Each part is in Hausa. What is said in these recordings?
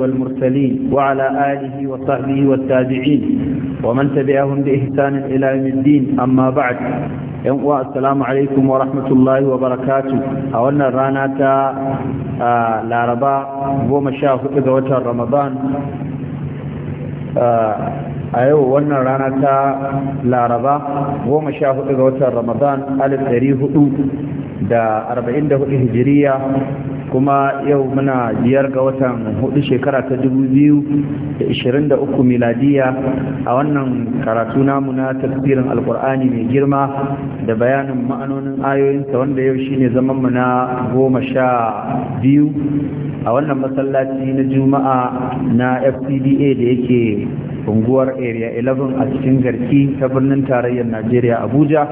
والمرسلين وعلى آله وصحبه والتابعين ومن تبعهم بإحسان إلى يوم الدين أما بعد السلام عليكم ورحمة الله وبركاته أولنا رانا تا لاربا goma sha hudu ga watan a yau wannan rana ta laraba goma sha hudu ga watan ramadan alif dari da arba'in da hijiriya kuma yau muna biyar ga watan hudu shekara ta 2023 miladiya a wannan karatu namu na tafsirin alkur'ani mai girma da bayanin ma'anonin ayoyinsa wanda yau shine zaman mu na goma sha biyu a wannan masallaci na juma'a na fcda da yake unguwar area 11 a cikin garki ta birnin tarayyar najeriya abuja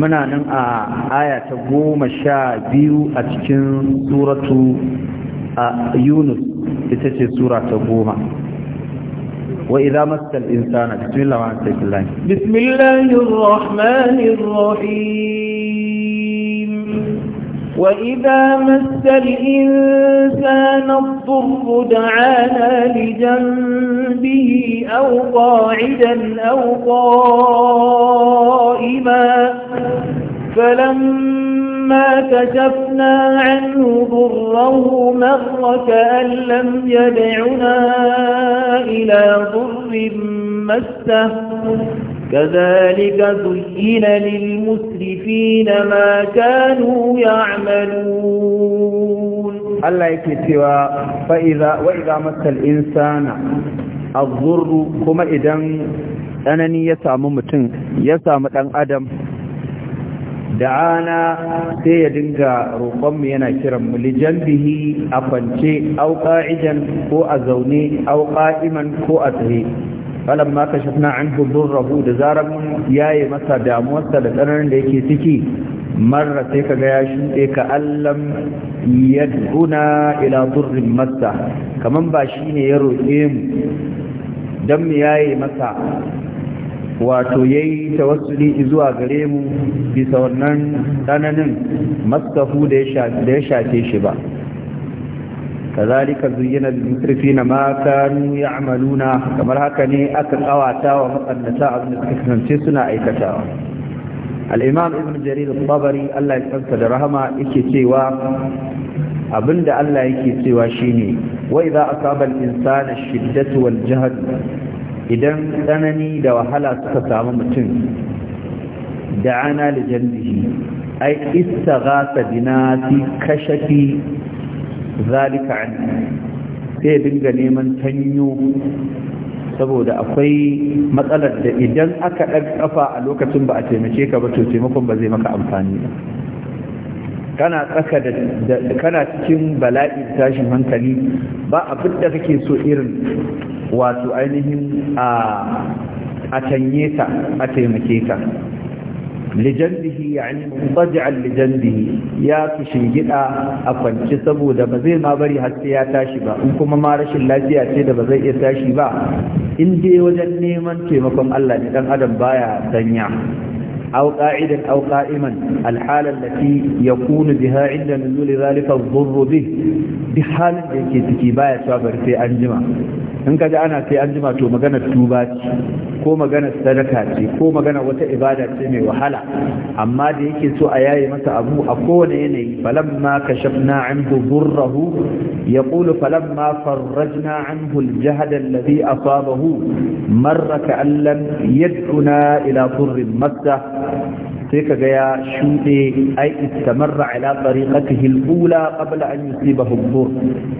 muna nan a aya ta goma sha biyu a cikin suratu a yunus ita ce sura ta goma Wa idza masal insana Bismillahi الرحمن وإذا مس الإنسان الضر دعانا لجنبه أو قاعدا أو قائما فلما كشفنا عنه ضره مر كأن لم يدعنا إلى ضر مسه كذلك زين للمسرفين ما كانوا يعملون الله يكتوى فإذا وإذا مس الإنسان الضر كما إذن أنني يسام متن يسام أن أدم da'ana sai ya dinga roƙonmu yana kiran mu lijanbihi a kwance au qa'idan ko a zaune au qa'iman ko a tsaye falan ma kashafna anhu durrahu da zarar mun yaye masa damuwarsa da tsananin da yake ciki marra sai kaga ya shuɗe ka allam yad'una ila durrin masa kamar ba shine ya roƙe mu dan mu yaye masa wato yayi tawassuli zuwa gare mu bisa wannan tsananin masahu da ya shafe shi ba kazalika zuyyina lil mutrifina ma kanu ya'maluna kamar haka ne aka kawata wa maƙannata abin da suka suna aikata. al-imam ibn jarir al Allah ya da rahama yake cewa abinda Allah yake cewa shine wa idza asaba al-insana shiddatu wal jahd idan tsanani da wahala suka samu mutum da'ana li janbihi ay istaghatha bina fi kashafi zalika an sai dinga neman tanyo saboda akwai matsalar da idan aka ɗan kafa a lokacin ba a taimake ka ba to taimakon ba zai maka amfani ba kana tsaka da kana cikin bala'i tashin hankali ba abin da kake so irin wato ainihin a a tanye ta a taimake ka lijandihi yani mutaji'an lijandihi ya fi shingida a kwanci saboda ba zai ma bari har sai ya tashi ba in kuma ma rashin lafiya ce da ba zai iya tashi ba in dai wajen neman taimakon Allah ne dan adam baya danya أو قاعدا أو قائما الحالة التي يكون بها عند نزول ذلك الضر به بحال يكي تكيباية شابر في أنجمة in ka ji ana sai an jima to maganar tuba ce ko maganar sadaka ce ko magana wata ibada ta mai wahala amma da yake so a yaye masa abu a kowane yanayi falamma kashafna anhu burrahu yaqulu falamma farrajna anhu aljahd alladhi asabahu marra ka allan yad'una ila dhurrin massah sai ka ga ya shuɗe ai istamarra ala tariqatihi al-ula qabla an yusibahu dhur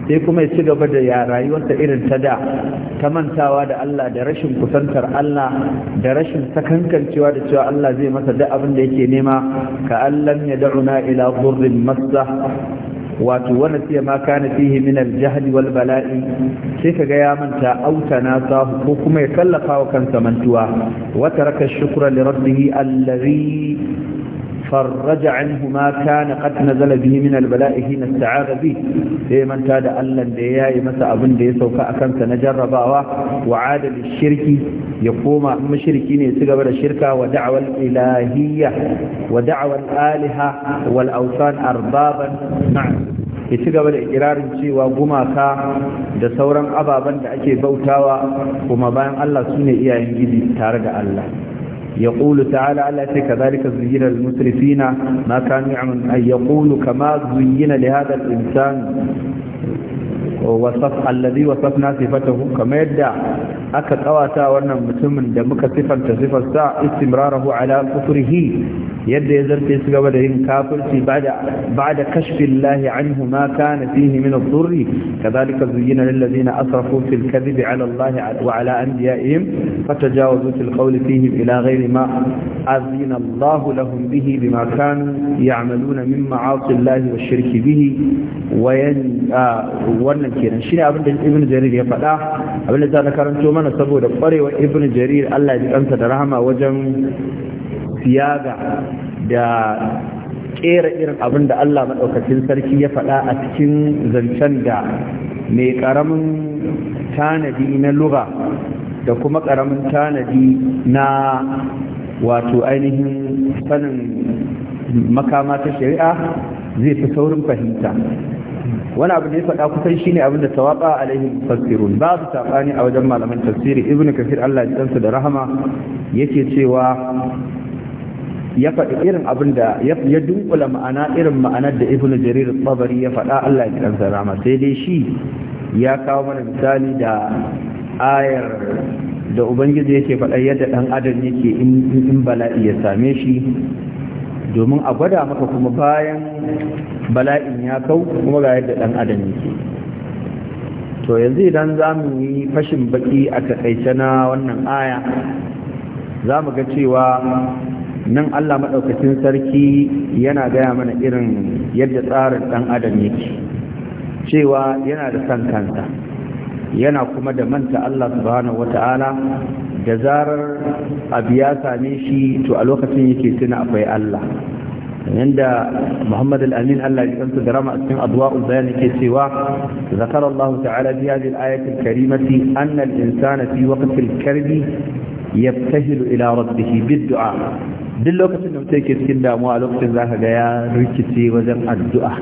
sai kuma ya ci gaba da ya rayuwarsa irin ta da ta mantawa da Allah da rashin kusantar Allah da rashin sakankancewa da cewa Allah zai masa duk abin da yake nema ka allam yad'una ila dhurrin massa wato wanda fiye ma kana fihi min al wal bala'i sai ga ya manta autana sahu ko kuma ya kallafa wa kansa mantuwa wata raka shukra li rabbihi allazi فرج عنه ما كان قد نزل به من البلاء حين استعاذ به دائما تاد الله da yayi masa abin da ya sauka a kansa na jarrabawa wa adalin shirki ya koma mushriki ne su gaba da shirka wa da'awal ilahiyya wa arbaban na'am ya ci gaba da ikirarin cewa gumaka da sauran ababen da ake bautawa kuma bayan Allah su ne iyayen gidi tare da Allah يقول تعالى ألا كذلك زين للمسرفين ما كان يعمل أن يقول كما زين لهذا الإنسان وصف الذي وصفنا صفته كما يدعى aka kawata wannan mutumin da muka sifanta sifarsa istimrarahu ala kufrihi yadda ya zarce su gaba da yin kafirci ba'da ba'da kashfillahi anhu ma kana fihi min ad-durr kadhalika zuyyina lil ladina asrafu fil kadhibi ala Allah wa ala anbiya'ihim fatajawazu fil qawli fihim ila ghayri ma azina Allah lahum bihi bima kanu ya'maluna min ma'asi Allah wa shirki bihi wa ah, wannan kenan shine abin da Ibn Jarir ya faɗa abin da za na karanto mana saboda kwarewa ibn jarir Allah ya ɗansa da rahama wajen siyaga da ƙera irin abin da Allah maɗaukacin sarki ya faɗa a cikin zancen da mai ƙaramin tanadi na lura da kuma ƙaramin tanadi na wato ainihin sanin makama ta shari'a zai fi saurin fahimta wani abu da ya faɗa kusan shine abin da tawaɓa alaihi tafsirun ba su sabani a wajen malaman tafsiri ibnu kafir Allah ya tsansa da rahama yake cewa ya faɗi irin abin da ya dunkula ma'ana irin ma'anar da ibn jarir tsabari ya faɗa Allah ya da rahama sai dai shi ya kawo mana misali da ayar da ubangiji yake faɗa yadda ɗan adam yake in bala'i ya same shi domin a gwada maka kuma bayan bala'in ya kau kuma ga yadda dan adam yake to yanzu idan za mu yi fashin baki a takaice na wannan aya za mu ga cewa nan allah maɗaukacin sarki yana gaya mana irin yadda tsarin dan adam yake cewa yana da son kansa yana kuma da manta allah subhanahu wata'ala da zarar abu ya same shi to a lokacin yake tuna akwai Allah yanda Muhammad al-Amin Allah ya kanta da rama cikin adwa'ul bayan yake cewa zakara Allah ta'ala bi hadhihi al-ayati al-karimati anna al-insana fi waqti al-karbi yabtahilu ila rabbih bid-du'a duk lokacin da mutum yake cikin damuwa a lokacin zaka ga ya rikice wajen addu'a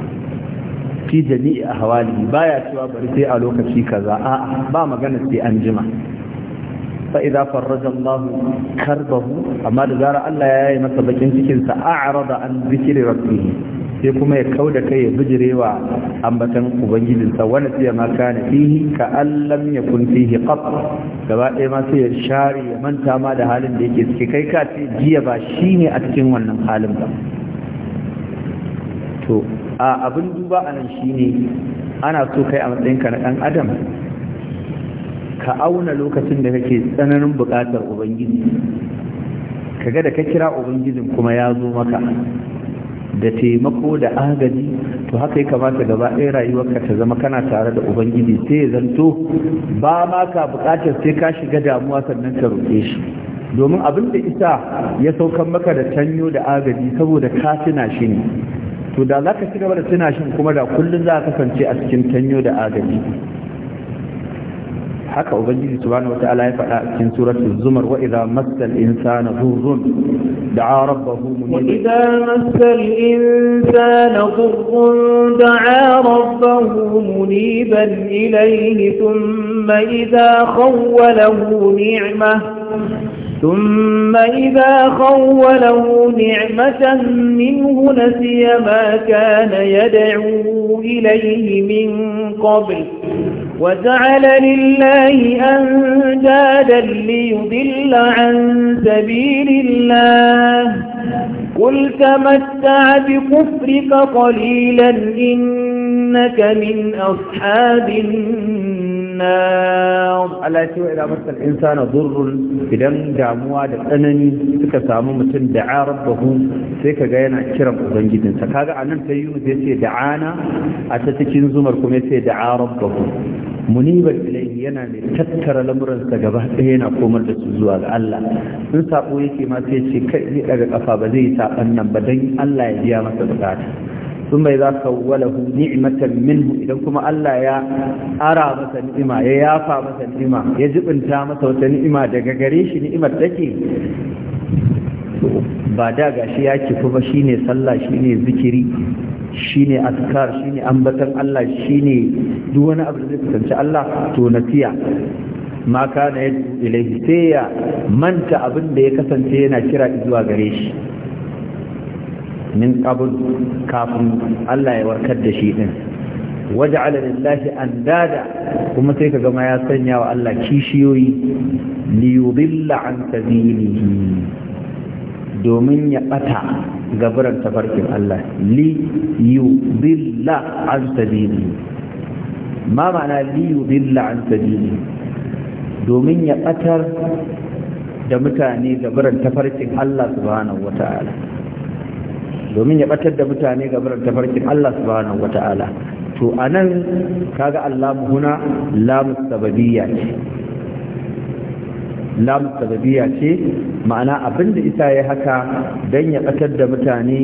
fi jami'i ahwali baya cewa bari sai a lokaci kaza a'a ba magana sai an jima فإذا فرج الله كربه أما دزار الله يا مسا بكين cikin sa a'rada an zikri rabbih sai kuma ya kauda kai ya bijirewa ambatan ubangijin sa wala sai ma kana fihi ka allam yakun fihi qat gaba ɗaya ma sai ya share ya da halin da yake ciki kai ka ce jiya ba shi ne a cikin wannan halin ba to a abin duba anan shine ana so kai a matsayin ka na ɗan adam ka auna lokacin da kake tsananin buƙatar ubangiji kaga da ka kira ubangijin kuma ya zo maka da taimako da agaji to haka ya kamata gaba ɗaya ka ta zama kana tare da ubangiji sai ya zanto ba ma ka buƙatar sai ka shiga damuwa sannan ka roƙe shi domin abin da isa ya saukan maka da tanyo da agaji saboda ka tuna shi ne to da za ka ci gaba da tuna shi kuma da kullum za ka kasance a cikin tanyo da agaji haka ubangiji subhanahu wataala ya faɗa a cikin suratul zumar wa idza massal insana dhurrun da'a rabbahu munib wa idza massal insana dhurrun da'a rabbahu muniban ilayhi thumma idza khawwalahu ni'mah ثم إذا خوله نعمة منه نسي ما كان يدعو إليه من قبل وجعل لله أندادا ليضل عن سبيل الله قل تمتع بكفرك قليلا إنك من أصحاب النار النار الله سوى إذا مس الإنسان ضر في دم دعموا دعنني سامو متن دعا ربه سيكا غينا كرم جدا سكاغا عنم تيوم تيسي دعانا أتتكين زمركم يسي دعا ربه منيبا إليه ينا تتر لمرا سجبه هنا قوم الرسول الله إن ساقويكي ما تيسي كأي أغا أفا بزي ساقنا بدين الله يديا مسا sun bai za ka walahu ni'imatan minhu idan kuma Allah ya ara masa ni'ima ya yafa masa ni'ima ya jibinta masa wata ni'ima daga gare shi ni'imar take ba da gashi ya kifi ba shine sallah shine zikiri shine azkar shine ambatan Allah shine duk wani abu da zai fitanci Allah to natiya ma kana yadu ilayhi sai ya manta abin da ya kasance yana kira zuwa gare shi min qabl kafin Allah ya warkar da shi din waja'ala lillahi andada kuma sai ka gama ya sanya wa Allah kishiyoyi Liyubilla an sabilihi domin ya bata gaburan tafarkin Allah li yudilla an sabilihi ma ma'ana li an sabilihi domin ya batar da mutane gaburan tafarkin Allah subhanahu wata'ala domin ya batar da mutane ga birnin tafarkin Allah subhanahu wata'ala to a anan kaga allah huna lamus sababiyya ce ma'ana sababiyya ce ma'ana abinda isa ya haka don ya batar da mutane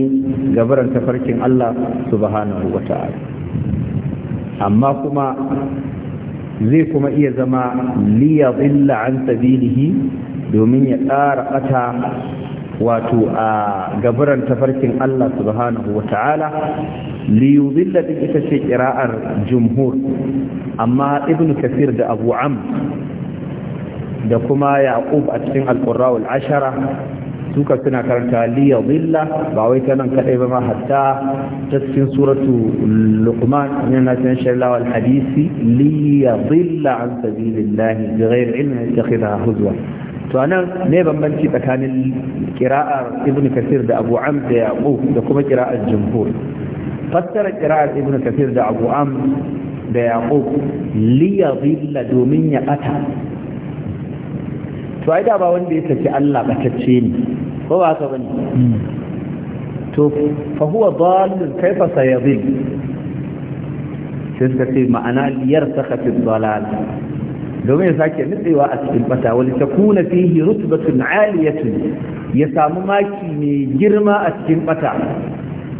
ga birnin tafarkin Allah subhanahu wata'ala amma kuma zai kuma iya zama zilla an sabilihi domin ya ƙara ƙata wato a gaburan tafarkin Allah subhanahu wa ta'ala liyudilla din ita ce ƙira'ar jumhur amma ibn kafir da abu am da kuma yaqub a cikin alqurra ashara suka suna karanta liyudilla ba wai ta nan kadai ba ma hatta ta cikin suratu luqman yana cikin shalla alhadisi hadisi liyudilla an sabilillahi bi ghairi ilmin yattakhidha huzwa to anan ne bambanci tsakanin kira'ar ibn kasir da abu am da yaƙo da kuma kira'ar jumhur fassara kira'ar ibn kasir da abu am da yaƙo, li yadhilla domin ya bata to ai da ba wanda ya saki Allah batacce ne ko ba haka bane hmm. to fa huwa dallun kaifa sayadhil sai suka ce ma'ana liyar saka fi dalala domin ya sake nutsewa a cikin bata wani ta kuna fihi rutubatun aliyatu ya samu maki mai girma a cikin bata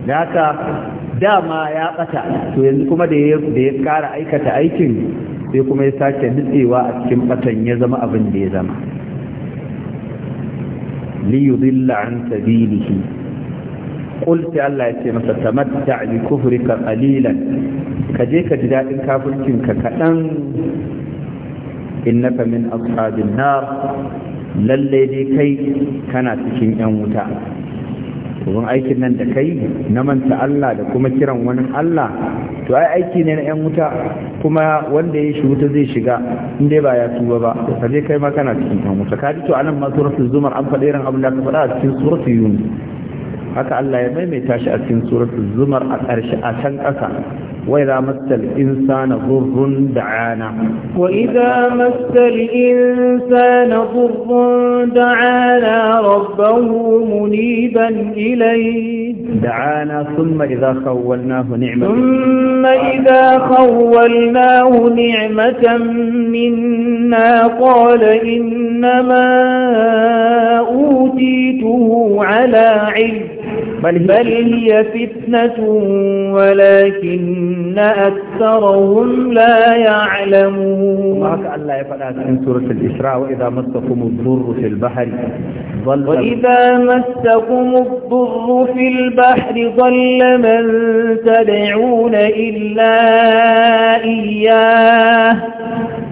da haka dama ya bata to yanzu kuma da ya kara aikata aikin sai kuma ya sake nutsewa a cikin batan ya zama abin da ya zama liyudilla an sabilihi قلت الله يتي Ka je ka ji dadin جدائن ka kadan innaka min ashabin nar lalle dai kai kana cikin yan wuta domin aikin nan da kai na manta Allah da kuma kiran wani Allah to ai aiki ne na yan wuta kuma wanda ya shi wuta zai shiga in dai ba ya tuba ba ka je kai ma kana cikin yan wuta ka ji to anan ma suratul zumar an faɗa irin abin da ka faɗa a cikin suratul yunus haka Allah ya maimaita shi a cikin suratul zumar a ƙarshe a can ƙasa وإذا مس الإنسان ضر دعانا وإذا مس الإنسان ضر دعانا ربه منيبا إليه دعانا ثم إذا خولناه نعمة ثم إذا خولناه نعمة منا قال إنما أوتيته على علم بل هي, بل هي فتنة ولكن أكثرهم لا يعلمون معك الله يفعل من سورة الإسراء وإذا مسكم الضر في البحر ضل وإذا مسكم الضر في البحر ضل من تدعون إلا إياه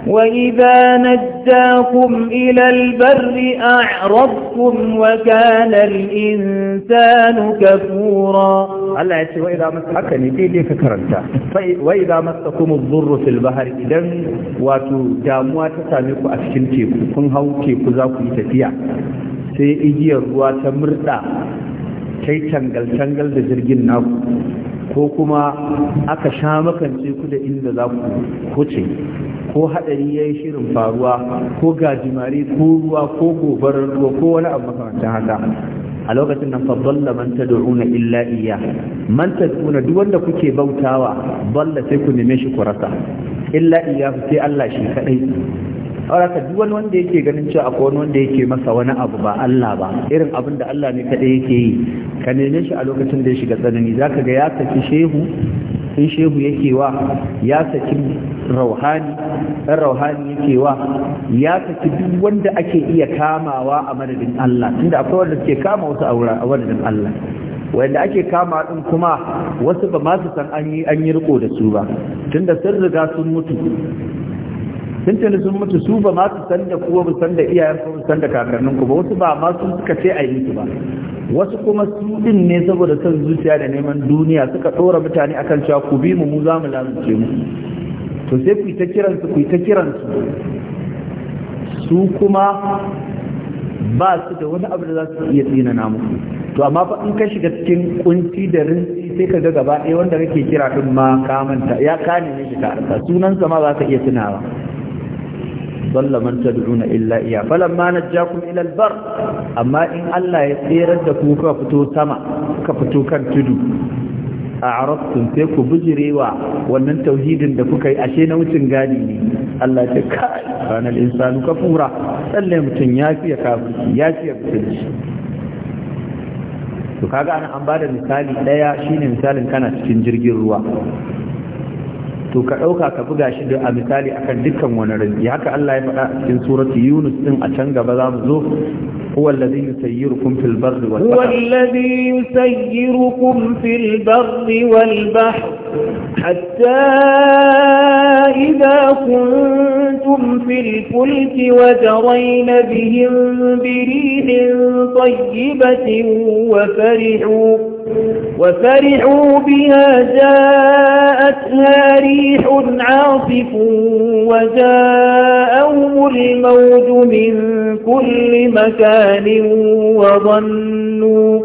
وإذا نجاكم إلى البر أعرضتم وكان الإنسان كثورا الله يتي وإذا مسحك نتيجي ككرنتا وإذا مسكم الضر في البحر إذن واتو داموا تساميكو أشكين تيكو كن هاو تيكو ذاكو يتفيا سي إجي الروا تمرتا كي تنقل تنقل بزرقين ناكو ko kuma aka sha makance ku da inda za ku huce ko hadari ya yi shirin faruwa ko gajimare ko ruwa ko gobarar ruwa ko wani abu makamantan haka a lokacin nan fa dalla man tad'una illa iyya man tad'una duk wanda kuke bautawa Balla sai ku neme shi ku rasa illa iyya sai Allah shi kadai haka duk wani wanda yake ganin cewa akwai wani wanda yake masa wani abu ba Allah ba irin abin da Allah ne kaɗai yake yi ka neme shi a lokacin da ya shiga tsanani za ka ga ya saki shehu in shehu yake wa ya saki rauhani ɗan rauhani yake wa ya saki duk wanda ake iya kamawa a madadin Allah tunda akwai wanda ke kama wasu a madadin Allah wanda ake kama din kuma wasu ba ma su san an yi an yi riko da su ba tunda sun riga sun mutu sun ce sun mutu su ba ma su san da kuwa ba san da iyayen san da kakannin ku ba wasu ba ma sun suka ce a yi su ba wasu kuma su din ne saboda son zuciya da neman duniya suka ɗora mutane akan cewa ku bi mu mu za mu lalace mu to sai ku ta kiransu ku ta kiransu su kuma ba su da wani abu da za su iya tsina namu to amma fa in ka shiga cikin kunci da rinsi sai ka ga gaba ɗaya wanda kake kira din ma ka ya kane ne shi ka sunan sa ma za ka iya tunawa dalla man tad'una illa iya falamma najjakum ila albar amma in Allah ya tsirar da ku ka fito sama ka fito kan tudu a'rabtum sai ku bujirewa wannan tauhidin da kuka yi ashe na wucin gadi ne Allah ya kai ranar insanu kafura lalle mutun ya fiye kafirci ya fiye mutunci to kaga an an bada misali daya shine misalin kana cikin jirgin ruwa to ka dauka ka buga shi da misali akan dukkan wani rinji haka Allah ya faɗa cikin surati Yunus din a can gaba za mu zo huwa allazi yusayyirukum fil barri wal bahr huwa allazi yusayyirukum fil barri wal bahr hatta idha kuntum fil fulki wa jarayna bihim bi rihin tayyibatin wa farihu وفرحوا بها جاءتها ريح عاصف وجاءهم الموج من كل مكان وظنوا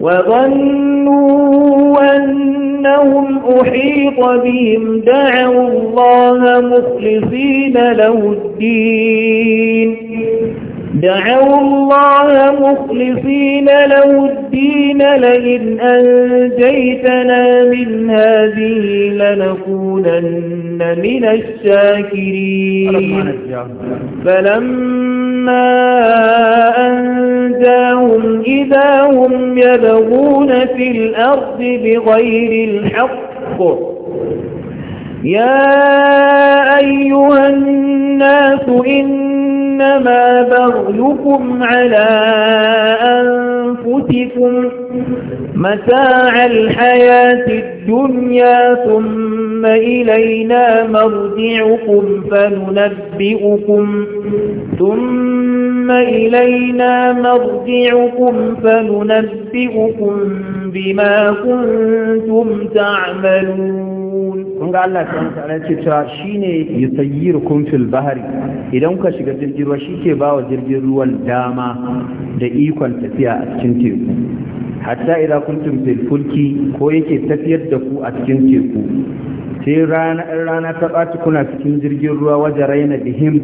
وظنوا أنهم أحيط بهم دعوا الله مخلصين له الدين دعوا الله مخلصين له الدين لئن أنجيتنا من هذه لنكونن من الشاكرين فلما أنجاهم إذا هم يبغون في الأرض بغير الحق يا أيها الناس إنما بغلكم على أنفسكم متاع الحياة الدنيا ثم إلينا مرجعكم فننبئكم ثم إلينا مرجعكم فننبئكم بما كنتم تعملون kunga Allah ta tsara ce cewa shine yusayyirkum fil bahri idan ka shiga jirgin ruwa shike bawa jirgin ruwan dama da ikon tafiya a cikin teku hatta idan kuntum fil fulki ko yake tafiyar da ku a cikin teku sai rana ta ɓaci kuna cikin jirgin ruwa wajen raina bihim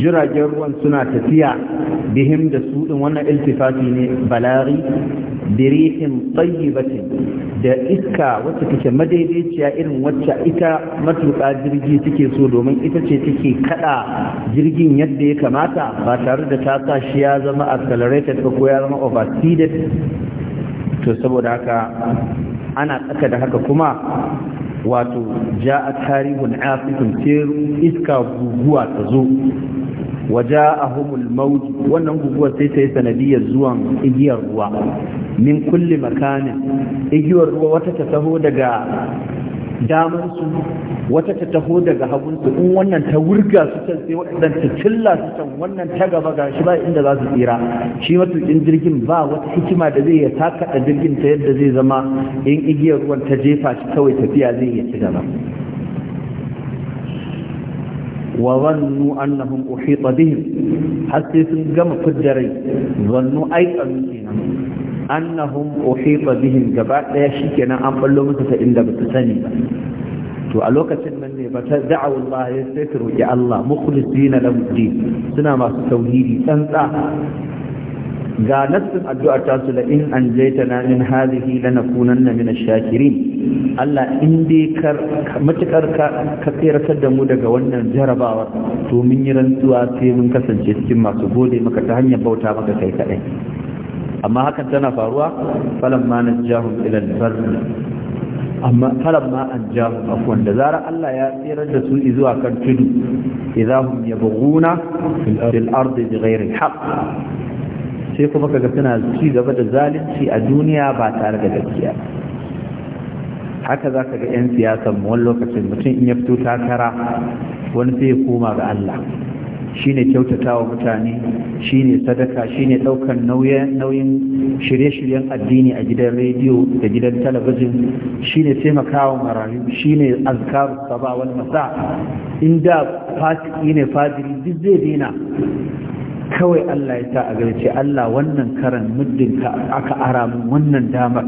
jiragen ruwan suna tafiya bihim da su ɗin wannan iltifati ne balari birihin tsayyibatin da iska wacce take madaidaiciya irin wacce ita matuƙa jirgi take so domin ita ce take kaɗa jirgin yadda ya kamata ba tare da ta sa shi ya zama accelerated ko ya zama oversteered to saboda haka ana tsaka da haka kuma wato ja a tarihun teru iska guguwa ta zo waje a humul mauji wannan guguwar sai ta yi sanadiyar zuwan igiyar ruwa min kulle makanin igiyar ruwa wata ta taho daga Damar su wata ta taho daga hagun su in wannan ta wurga su can sai waɗannan ta cilla su can wannan ta gaba ga shi ba inda za su tsira shi matuƙin jirgin ba wata hikima da zai ya takaɗa jirgin ta yadda zai zama in igiyar ruwan ta jefa shi kawai tafiya zai iya ci gaba وظنوا أنهم أحيط بهم sai sun gama الدري ظنوا أي kenan. annahum uhita bihim gaba daya shikenan an ballo musu ta inda ba sani ba to a lokacin nan ne ba ta da'u Allah ya sai ta roki Allah mukhlisina lahu suna masu tauhidi tsantsa ga nassin addu'ar ta su la in anjaytana min hadhihi lanakunanna min ash-shakirin Allah in dai kar ka tsiratar da mu daga wannan jarabawa to mun yi rantsuwa sai mun kasance cikin masu gode maka ta hanyar bauta maka kai kadai amma hakan tana faruwa falamma najahum ila al-barr amma falamma anjahum afwan da zara Allah ya tsirar da su zuwa kan tudu idahum yabghuna fil ardi bighayri al-haqq sai kuma kaga suna ci gaba da zalunci a duniya ba tare da gaskiya haka za ka ga 'yan siyasan wani lokacin mutum in ya fito takara wani sai ya koma ga Allah Shi ne kyautata wa mutane shi ne sadaka shine daukan nauyin shirye-shiryen addini a gidan rediyo da gidan talabijin Shi ne taimakawa marayu ne azkar saba wani masa inda fasiki ne fadiri duk zai dina kawai Allah ya sa a Allah wannan karan muddin ka aka ara min wannan damar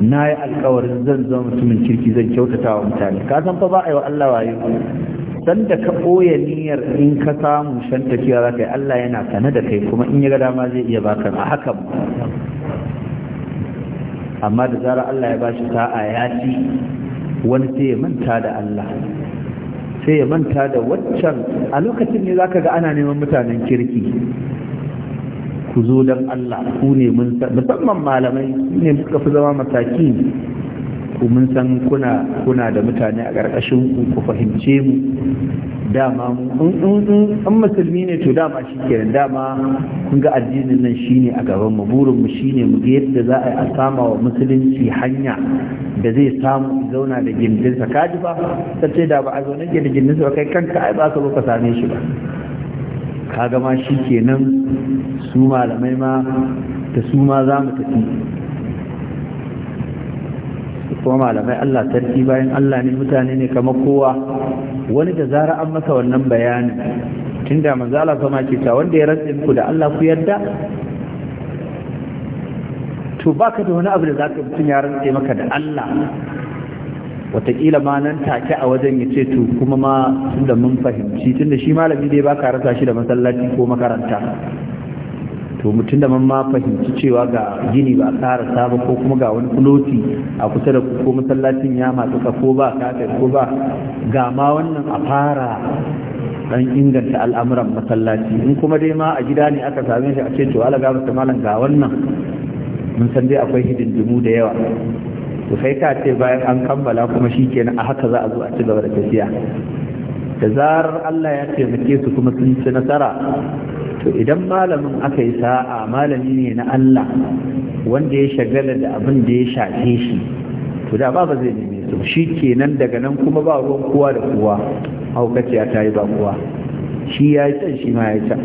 na yi alkawarin zan zama mutumin kirki zan kyautata wa mutane ka san fa ba a yi wa Allah wayo sanda ka ɓoye niyyar in ka samu shan tafiya za ka Allah yana sane da kai kuma in ya ga dama zai iya baka a hakan amma da zarar Allah ya bashi sa'a ya ci wani sai ya manta da Allah sai ya manta da waccan a lokacin ne za ka ga ana neman mutanen kirki ku zo don Allah ku ne mun musamman malamai ne suka fi zama mataki ku mun san kuna kuna da mutane a ƙarƙashin ku fahimce mu dama in musulmi ne to dama shi kenan dama kun ga addinin nan shine a gaban mu burin mu shine mu ga yadda za a yi sama wa musulunci hanya da zai samu zauna da gindinsa kaji ba sai da ba a zaune da gindinsa ba kai kanka ai ba ka zo ka same shi ba kaga ma shi kenan su malamai ma da su ma za mu tafi kuma malamai Allah tarki bayan Allah ne mutane ne kamar kowa wani da zara an masa wannan tun tunda manzo Allah kuma ke ta wanda ya rantsi ku da Allah ku yarda to baka da wani abu da zaka mutun ya rantsi maka da Allah wataƙila ma nan take a wajen ya ce to kuma ma tunda mun fahimci tunda shi malami dai baka rasa shi da masallaci ko makaranta to mutum da man ma fahimci cewa ga gini ba tsara saba ko kuma ga wani kuloti a kusa da ko masallacin ya ka ko ba kafin ko ba ga ma wannan a fara dan inganta al'amuran masallaci in kuma dai ma a gida ne aka same shi a ce to ala gaba ga wannan mun san dai akwai hidindimu da yawa to sai ka ce bayan an kammala kuma shikenan a haka za a zo a ci gaba da tafiya da zarar Allah ya taimake su kuma sun ci nasara to idan malamin aka yi sa'a malami ne na Allah wanda ya shagala da abin da ya shafe shi to da ba ba zai neme su shi kenan daga nan kuma ba ruwan kowa da kowa haukaciya ta yi ba kowa shi ya yi can shi ma ya yi can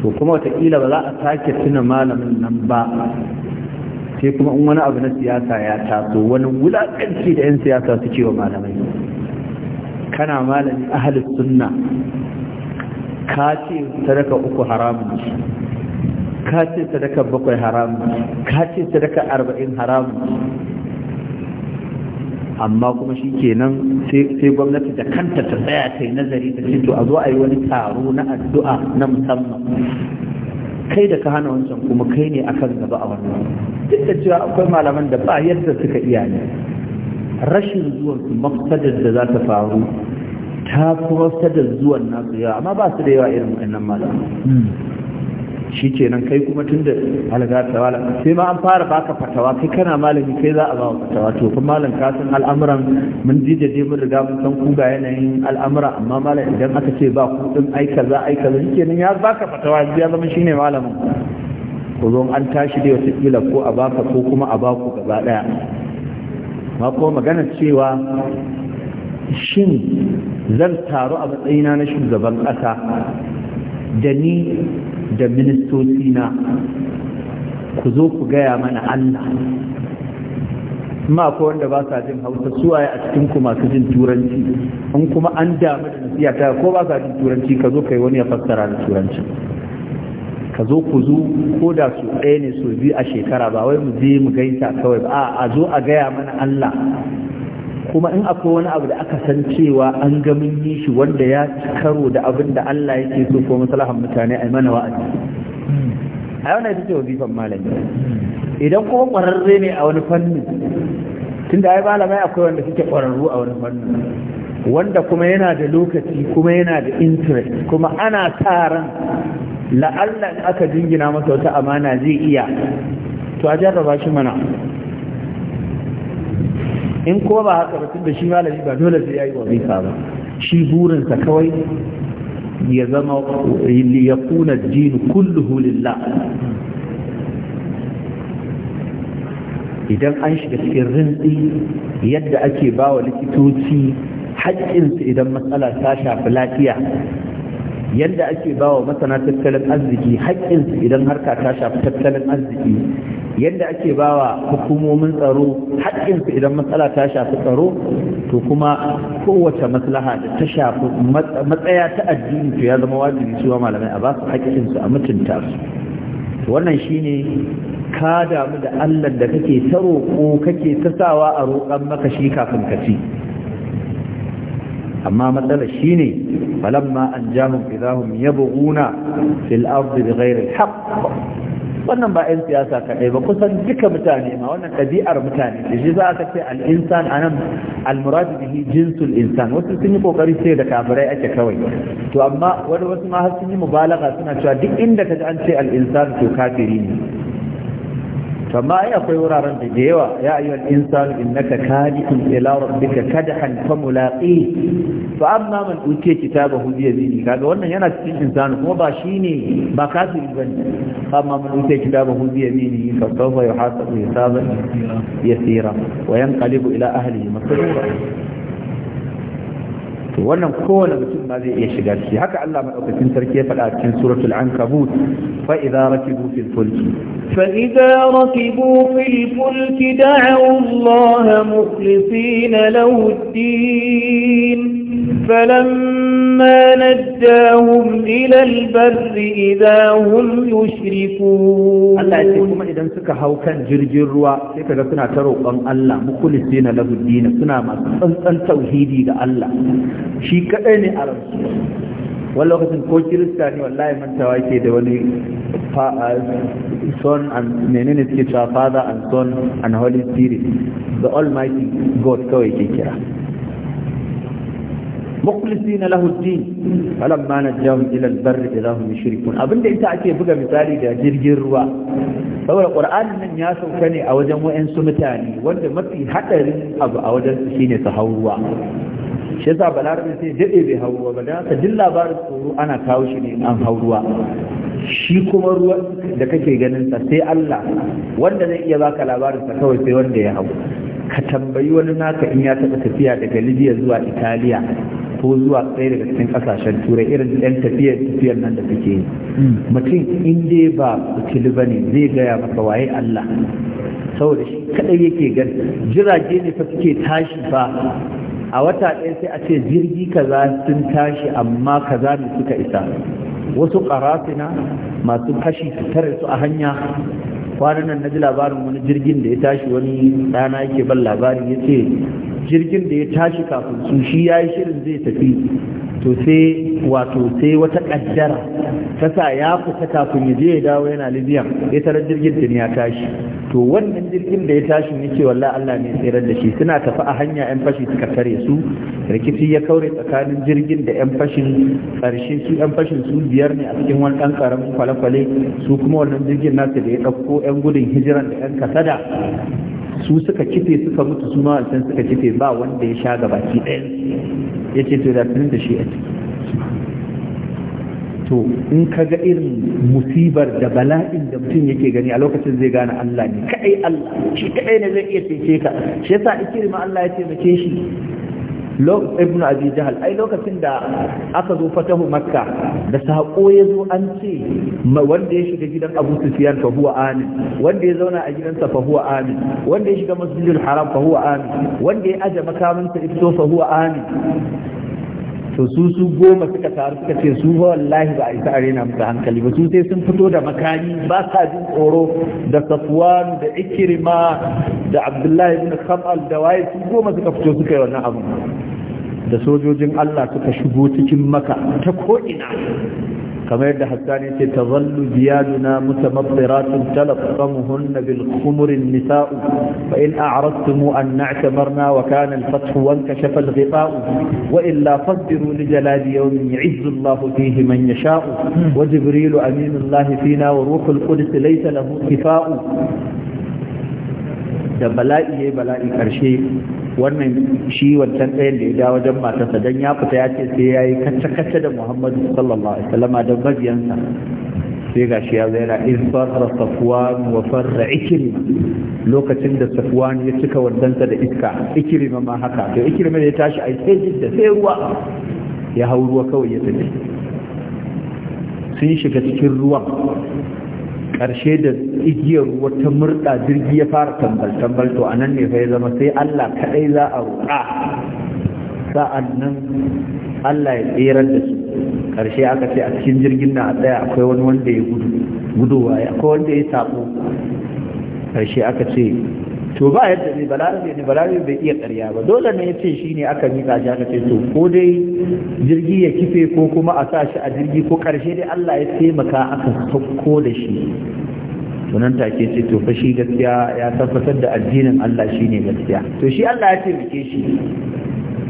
to kuma watakila ba za a sake tuna malamin nan ba sai kuma in wani abu na siyasa ya taso wani wulakanci da 'yan siyasa suke wa malamai kana malami ahalus sunna ka sadaka uku haramun ce ka ce sadaka bakwai haramun ce ka ce sadaka arba'in haramun ce amma kuma shi kenan sai gwamnati da kanta ta tsaya ta yi nazari da ce to a zo a yi wani taro na addu'a na musamman kai da ka hana wancan kuma kai ne akan gaba a wannan duk da cewa akwai malaman da ba yadda suka iya ne rashin zuwan mafsadar da za ta faru ta kusa da zuwan nasu yawa amma ba su da yawa irin wannan malam. Hmm. shi nan kai kuma tun da halagata wala sai ma an fara baka fatawa kai kana malami kai za a ba fatawa to kuma malam ka san al'amuran mun jijaje mun riga mun san kuga yanayin al'amura amma malam idan aka ce ba ku din za aika ai kaza nan ya baka fatawa ya zama shine malamin ko zo an tashi dai wata kila ko a baka ko kuma a baku gaba daya ma ko magana cewa shin zan taru a matsayina na shugaban ƙasa da ni da ministocina ku zo ku gaya mana Allah ma ko wanda ba sa jin hausa suwaye a cikin ku masu jin turanci in kuma an damu da nasiya ta ko ba sa jin turanci ka zo kai wani ya fassara da turanci ka zo ku zo ko da su ɗaya ne su biyu a shekara ba wai mu je mu gaita kawai ba a zo a gaya mana Allah kuma in akwai wani abu da aka san cewa an ga mun yi shi wanda ya karo da abin da Allah yake so ko masalahan mutane a mana wa'azi a yau na ita wazifan malami idan kuma kwararre ne a wani fannin tunda ai malamai akwai wanda suke kwararru a wani fannin wanda kuma yana da lokaci kuma yana da interest kuma ana sa ran la'allan aka jingina masa wata amana zai iya to a jarraba shi mana in kuma ba haka ba tunda shi malami ba dole sai yayi wazifa ba shi burinsa kawai ya zama li yakuna ad-din kulluhu lillah idan an shiga cikin rintsi yadda ake ba wa likitoci haƙƙinsu idan matsala ta shafi lafiya yadda ake ba wa masana tattalin arziki haƙƙinsu idan harka ta shafi tattalin arziki yadda ake ba wa hukumomin tsaro haƙƙinsu idan matsala ta shafi tsaro to kuma kowace maslaha da ta shafi matsaya ta addini to ya zama wajibi cewa malamai a ba su haƙƙinsu a mutunta su wannan shine ka damu da allah da kake ta roƙo kake ta sawa a roƙon maka shi kafin ka ci amma matsala shine falamma an jahum ya yabghuna na? ardi bighairi alhaq wannan ba 'yan siyasa kaɗai ba kusan duka mutane ma wannan ɗabi'ar mutane da shi za a ce al'insan a nan almuradu bihi jinsul insan wasu sun yi kokari sai da kafirai ake kawai to amma wani wasu ma har sun yi mubalaga suna cewa duk inda ka ji an ce al'insan to kafiri ne amma ai akwai wuraren da da yawa ya ayyuhal insanu innaka kadihun ila rabbika kadhan fa mulaqi fa amma man utiya kitabahu bi yamini kaga wannan yana cikin insanu kuma ba shine ba kafiri bane amma man utiya kitabahu bi yamini fa sawfa yuhasabu hisaban yasira wa yanqalibu ila ahlihi masrura wannan kowane mutum ma zai iya shiga ciki haka Allah madaukakin sarki ya faɗa cikin suratul ankabut fa idza rakibu fil fulki fa idza rakibu fil fulki da'u Allah mukhlisina lahu ad-din falamma najjahum ila al-barr idza hum yushrikun Allah ya ce kuma idan suka hau kan jirgin ruwa sai kaga suna ta roƙon Allah mukhlisina lahu ad-din suna masu tsantsan tauhidi ga Allah shi kadai ne a ransu wani lokacin ko kirista ne wallahi mantawa ke da wani son and menene suke cewa father and son and holy spirit the almighty god kawai ke kira مخلصين له jihar فلما نجاهم da البر اذا هم يشركون abinda ita ake buga misali da jirgin ruwa saboda qur'anin nan ya sauka ne a wajen su mutane wanda mafi haɗarin abu a wajen su shine su hau ruwa shi yasa balarabe sai daɗe bai hau ba da haka jin labarin tsoro ana kawo shi ne an hau ruwa shi kuma ruwa da kake ganin sa sai Allah wanda zai iya baka labarin sa kawai sai wanda ya hau ka tambayi wani naka in ya taɓa tafiya daga Libya zuwa Italiya ko zuwa ɗaya daga cikin ƙasashen turai irin ɗan tafiyar tafiyar nan da suke yi mutum in dai ba kutili ba ne zai gaya maka waye Allah saboda shi kaɗai yake gani jirage ne fa suke tashi ba? a wata ɗaya sai a ce jirgi kaza sun tashi amma kaza ne suka isa wasu karafina masu kashi su tare su a hanya kwanan nan na ji labarin wani jirgin da ya tashi wani ɗana yake ban labarin ya ce jirgin da ya tashi kafin su shi ya yi shirin zai tafi to sai wato sai wata kaddara ta sa ya fita kafin ya je ya dawo yana libya ya tarar jirgin tuni ya tashi to wannan jirgin da ya tashi ne ce wallahi Allah ne tsirar da shi suna tafi a hanya yan fashi suka tare su rikici ya kaure tsakanin jirgin da yan fashin karshe su yan fashin su biyar ne a cikin wani dan karamin kwale-kwale su kuma wannan jirgin nasu da ya dauko yan gudun hijiran da yan kasada su suka kife suka mutu su ma wancan suka kife ba wanda ya sha gabaki ɗaya ya ce to da da shi a ciki to in ka ga irin musibar da bala'in da mutum yake gani a lokacin zai gane Allah ne kaɗai Allah shi ne zai iya cece ka shi yasa ikirma Allah ya taimake shi ibn abi jahal ai lokacin da aka zo fatahu makka da sako ya zo an ce wanda ya shiga gidan abu sufyan fa huwa amin wanda ya zauna a gidansa fa huwa amin wanda ya shiga masjidil haram fa huwa amin wanda ya aje makamansa ifto fa huwa amin to su su goma suka taru suka ce su ba wallahi ba a isa arena musu hankali ba su sai sun fito da makani ba sa jin tsoro da safwan da ikirima, da abdullahi ibn khamal da waye su goma suka fito suka yi wannan abu da sojojin Allah suka shigo cikin maka ta ko'ina kamar yadda hassani ce ta zallu biyaduna mutamaddiratun talaqamuhun bil bilkumurin nisa'u fa in a an mu wa kana al fathu wan kashafa al ghita'u wa illa fasbiru li jalali yawmin yu'izzu Allahu fihi man yasha'u wa jibrilu aminullahi fina wa ruhul qudus laysa lahu kifa'u da bala'i bala'i ƙarshe. wannan shi wancan ɗayan da ya ja wajen matarsa don ya fita ya ce sai ya yi kacce-kacce da muhammadu sallallahu alaihi wasallama don mabiyansa sai ga shi ya zaira in safuwan wa lokacin da safuwan ya cika wandansa da iska ikirima ma haka to ikirima ya tashi a yi da sai ruwa ya hau ruwa kawai ya tafi sun shiga cikin ruwan karshe da igiyar wata ta murda jirgi ya fara tambal tambal to anan ne fa ya zama sai Allah kaɗai za a roƙa nan Allah ya tseren da su karshe aka ce a cikin jirgin na a tsaya akwai wani wanda ya gudu guduwa akwai wanda ya sabo karshe aka ce to ba yadda ne balarabe ne balarabe bai iya karya ba dole ne ya ce shi ne aka miƙa shi aka ce to ko dai jirgi ya kife ko kuma a sa shi a jirgi ko karshe dai Allah ya taimaka aka sauko da shi to nan take ce to fa shi gaskiya ya tabbatar da addinin Allah shi ne gaskiya to shi Allah ya taimake shi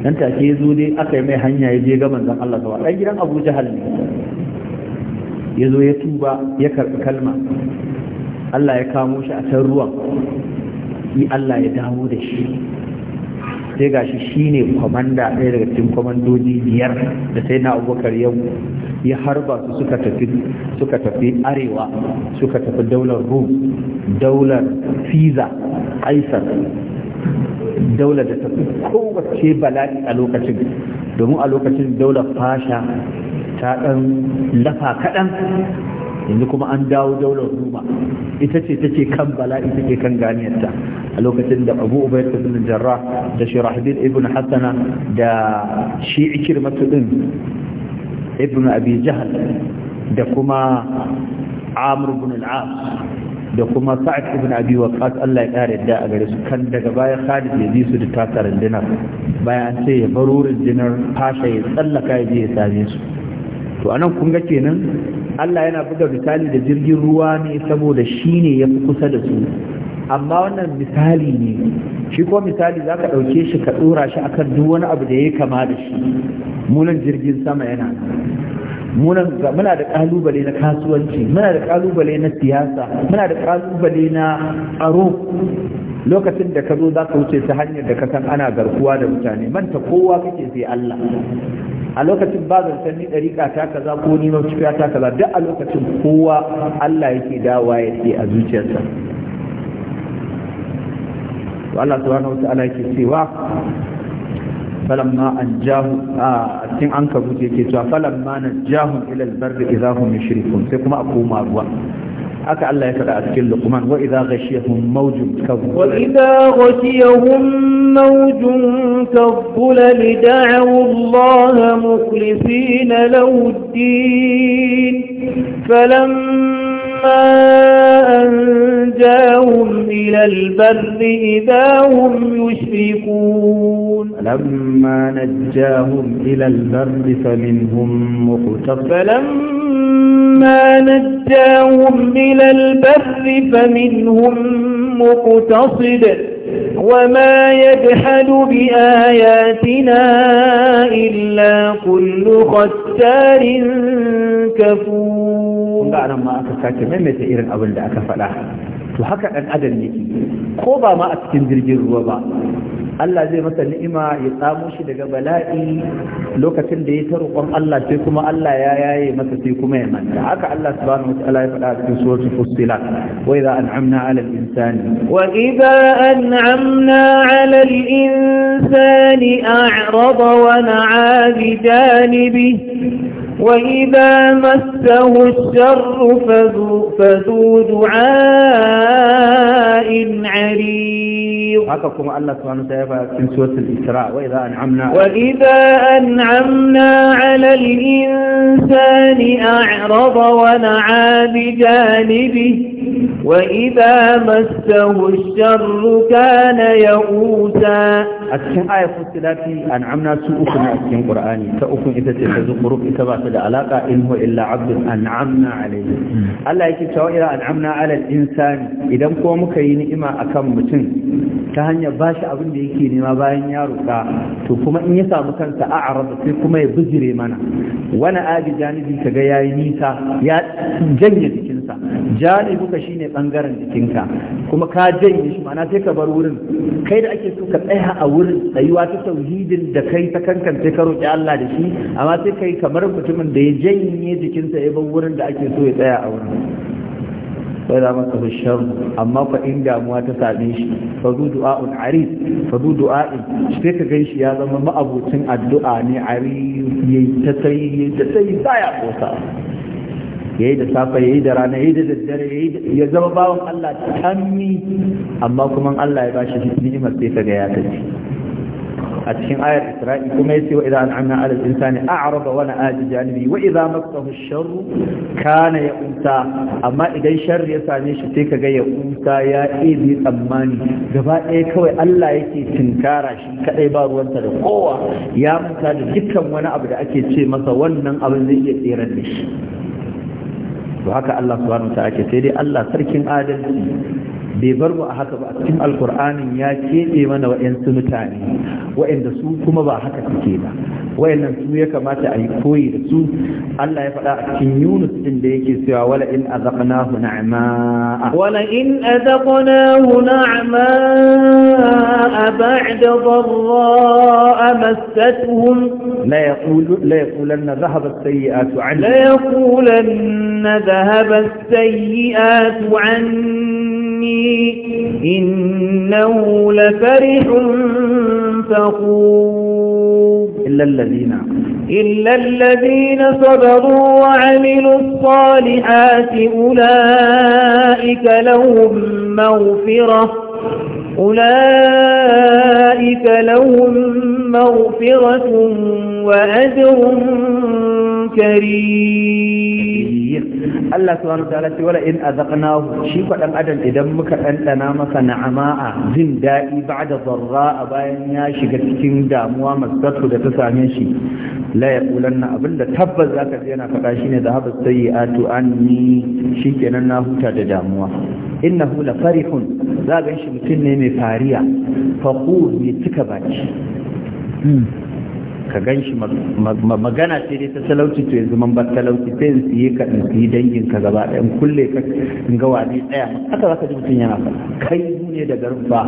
nan take ya zo dai aka yi mai hanya ya je ga manzon Allah sawa dan gidan Abu Jahal ne ya zo ya tuba ya karbi kalma Allah ya kamo shi a can ruwan shi Allah ya dawo da shi sai gashi shi ne kwamanda ɗaya daga cikin kwamandoji biyar da sai na abubakar yau ya harba su suka tafi suka tafi arewa suka tafi daular rum daular fiza aisar daular da tafi kowace bala'i a lokacin domin a lokacin daular fasha ta ɗan lafa kaɗan yanzu kuma an dawo daular ruma ita ce ta ce kan bala'i ta ke kan ganiyarta a lokacin da abu ubayar sunan jarra da shirahdin ibn hassana da shi ikir matuɗin ibn abi da kuma amur ibn al'as da kuma sa'ad ibn abi waqas Allah ya kare da a gare su kan daga baya Khalid ya bi su da takarar dinar bayan an ce ya baro rundunar fasha ya tsallaka ya je ya same su to anan kun ga kenan Allah yana buga misali da jirgin ruwa ne saboda shi ne ya fi kusa da su amma wannan misali ne shi ko misali za ka ɗauke shi ka ɗora shi akan duk wani abu da ya kama da shi munan jirgin sama yana muna da ƙalubale na kasuwanci muna da ƙalubale na siyasa muna da kalubale na aro. lokacin da ka zo za ka wuce ta hanyar da ka san ana garkuwa da mutane manta kowa kake sai Allah a lokacin ba zancen ni ɗariƙa ta kaza ko ni cikiya ta kaza duk a lokacin kowa Allah yake dawa ya ce a zuciyarsa to Allah subhanahu wata'ala yake cewa falamma anjahu a cikin an kabu ke cewa falamma najahum ila albarri idza hum sai kuma a koma ruwa حتى على يتلع أسكين لقمان وإذا غشيهم موج كالظلل وإذا غشيهم موج كالظلل دعوا الله مخلصين له الدين فلما أنجاهم إلى البر إذا هم يشركون فلما نجاهم إلى البر فمنهم مقتصر فلما نجاهم إلى البر فمنهم مقتصد وما يجحد بآياتنا إلا كل ختار كفور بعد ما أكفاك من متئير أول لأكفلاه to haka ɗan adam yake Allah zai masa ni'ima ya tsamo shi daga bala'i lokacin da ya ta roƙon Allah sai kuma Allah ya yaye masa sai kuma ya manta haka Allah subhanahu wataala ya faɗa a cikin suratul fussilat wa idza an'amna 'ala al-insani wa idza an'amna 'ala al-insani a'rada wa na'a bi janibihi وإذا مسه الشر فذو, فذو دعاء عريض بصير هكاكم الله سبحانه وتعالى في سورة الإسراء وإذا أنعمنا وإذا أنعمنا على الإنسان أعرض ونعى بجانبه وإذا مسه الشر كان يئوسا أتكن آية فصلاتي أنعمنا سوءكنا أتكن قرآني سوءكم إذا تتذكروا إتباس العلاقة إن هو إلا عبد أنعمنا عليه الله يكتوى إذا أنعمنا على الإنسان إذا مكو مكين إما أكم متن كهن يباش أبن ديكي نما باين يارك تكما إن يسا مكان سأعرض تكما يبزري منا وأنا آبي جانبي كغيائي نيسا يا جنية كنسا جانبك شيني bangaren jikinka kuma ka janye shi ma'ana sai ka bar wurin kai da ake so ka tsaya a wurin tsayuwa ta tauhidin da kai ta kankan sai ka roƙi Allah da shi amma sai kai kamar mutumin da ya janye jikinsa ya bar wurin da ake so ya tsaya a wurin sai da maka bishar amma fa in damuwa ta same shi fa zu du'a'un arid fa zu du'a'in sai ka ganshi ya zama ma'abucin addu'a ne arid yayi ta tsayi ta tsayi baya kosa yayi da safa yayi da rana yayi da daddare ya zama bawon Allah tammi amma kuma Allah ya bashi ni'imar sai kaga ya tafi a cikin ayar Isra'i kuma yace wa idza an'amna 'ala al-insani a'rada wa na'aji janibi wa idza massahu ash-sharru kana ya'usa amma idan sharri ya same shi sai kaga ya usa ya izi tsammani gaba ɗaya kawai Allah yake tinkara shi kadai ba ruwanta da kowa ya mutu da dukkan wani abu da ake ce masa wannan abin zai iya tsere da shi to haka Allah subhanahu wa ta'ala sai dai Allah sarkin adalci bai bar mu a haka ba a cikin alkur'anin ya keɓe mana wa'yansu mutane wa'yanda su kuma ba haka suke ba wayannan su ya kamata a yi koyi da su Allah ya faɗa a cikin Yunus din da yake cewa wala in azaqnahu na'ma wala in azaqnahu na'ma ba'da dharra massatuhum la yaqulu la yaqulanna dhahaba as-sayyi'atu an la yaqulanna dhahaba as-sayyi'atu 'anni innahu lafarihun faqur إلا الذين إلا الذين صبروا وعملوا الصالحات أولئك لهم مغفرة أولئك لهم مغفرة وأجر كريم الله سبحانه وتعالى تقول إن أذقناه شيء قد أم أدن إذا مك أن تنامك نعماء زندائي بعد ضراء باين يا شكت كندا موام الزطر لتسامين شيء لا يقول أن أبن لا تفز ذاك فقاشين ذهب السيئات أني شيء كننا هو innahu la farihun za ga shi mutum ne mai fariya faqur mai cika baki hmm. ka gan magana ce dai ta talauci to yanzu man bar talauci sai in yi ka in yi dangin ka gaba ɗaya kulle ka in ga wani ɗaya haka za ka ji mutum yana faɗa kai ne da garin ba